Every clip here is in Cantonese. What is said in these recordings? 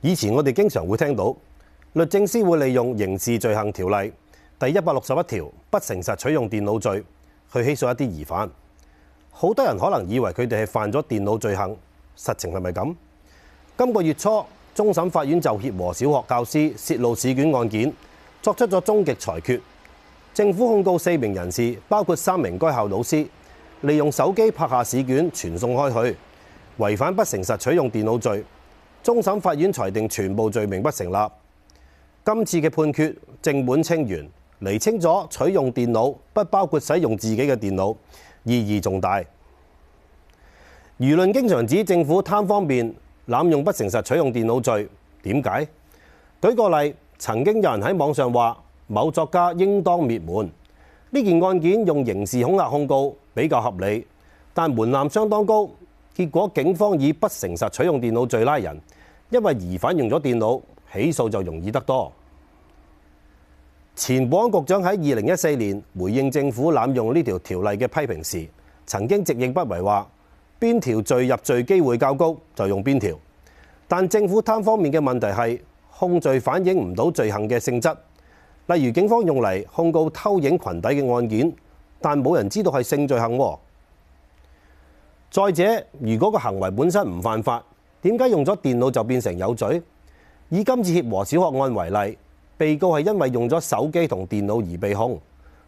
以前我哋經常會聽到律政司會利用《刑事罪行條例》第一百六十一條不誠實取用電腦罪去起訴一啲疑犯。好多人可能以為佢哋係犯咗電腦罪行，實情係咪咁？今個月初，終審法院就協和小學教師泄露試卷案件作出咗終極裁決。政府控告四名人士，包括三名該校老師，利用手機拍下試卷傳送開去，違反不誠實取用電腦罪。終審法院裁定全部罪名不成立，今次嘅判決正本清源，釐清咗取用電腦不包括使用自己嘅電腦，意義重大。輿論經常指政府貪方便濫用不誠實取用電腦罪，點解？舉個例，曾經有人喺網上話某作家應當滅門，呢件案件用刑事恐嚇控告比較合理，但門檻相當高。結果警方以不誠實取用電腦罪拉人，因為疑犯用咗電腦，起訴就容易得多。前保安局長喺二零一四年回應政府濫用呢條條例嘅批評時，曾經直言不諱話：邊條罪入罪機會較高就用邊條。但政府貪方便嘅問題係，控罪反映唔到罪行嘅性質。例如警方用嚟控告偷影裙底嘅案件，但冇人知道係性罪行。再者，如果個行為本身唔犯法，點解用咗電腦就變成有罪？以今次協和小學案為例，被告係因為用咗手機同電腦而被控，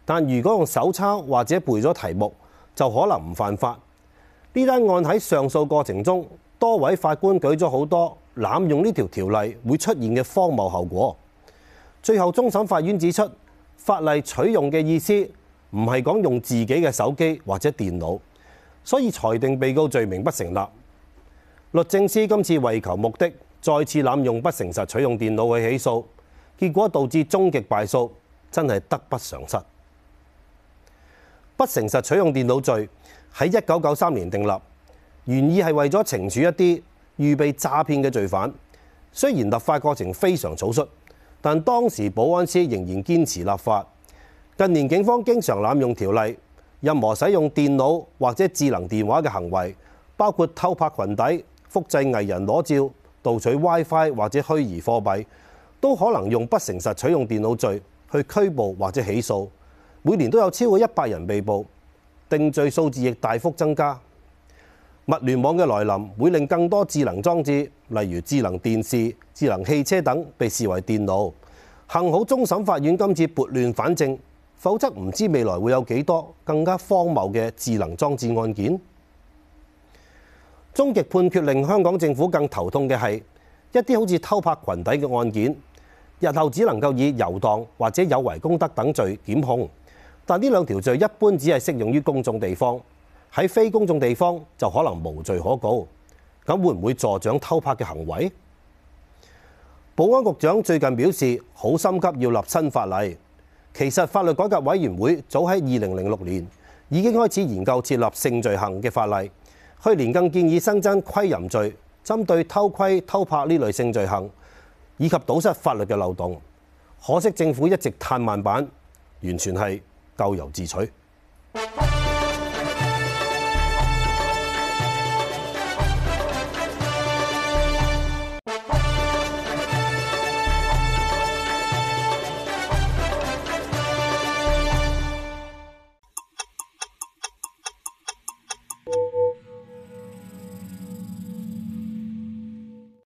但如果用手抄或者背咗題目，就可能唔犯法。呢單案喺上訴過程中，多位法官舉咗好多濫用呢條條例會出現嘅荒謬後果。最後，終審法院指出，法例取用嘅意思唔係講用自己嘅手機或者電腦。所以裁定被告罪名不成立。律政司今次為求目的，再次濫用不誠實取用電腦去起訴，結果導致終極敗訴，真係得不償失。不誠實取用電腦罪喺一九九三年訂立，原意係為咗懲處一啲預備詐騙嘅罪犯。雖然立法過程非常草率，但當時保安司仍然堅持立法。近年警方經常濫用條例。任何使用電腦或者智能電話嘅行為，包括偷拍裙底、複製藝人裸照、盜取 WiFi 或者虛擬貨幣，都可能用不誠實取用電腦罪去拘捕或者起訴。每年都有超過一百人被捕，定罪數字亦大幅增加。物聯網嘅來臨會令更多智能裝置，例如智能電視、智能汽車等，被視為電腦。幸好終審法院今次撥亂反正。否則唔知未來會有幾多更加荒謬嘅智能裝置案件。終極判決令香港政府更頭痛嘅係一啲好似偷拍群體嘅案件，日後只能夠以遊蕩或者有違公德等罪檢控。但呢兩條罪一般只係適用於公眾地方，喺非公眾地方就可能無罪可告。咁會唔會助長偷拍嘅行為？保安局長最近表示好心急要立新法例。其實法律改革委員會早喺二零零六年已經開始研究設立性罪行嘅法例，去年更建議新增窺淫罪，針對偷窺、偷拍呢類性罪行，以及堵塞法律嘅漏洞。可惜政府一直嘆慢板，完全係咎由自取。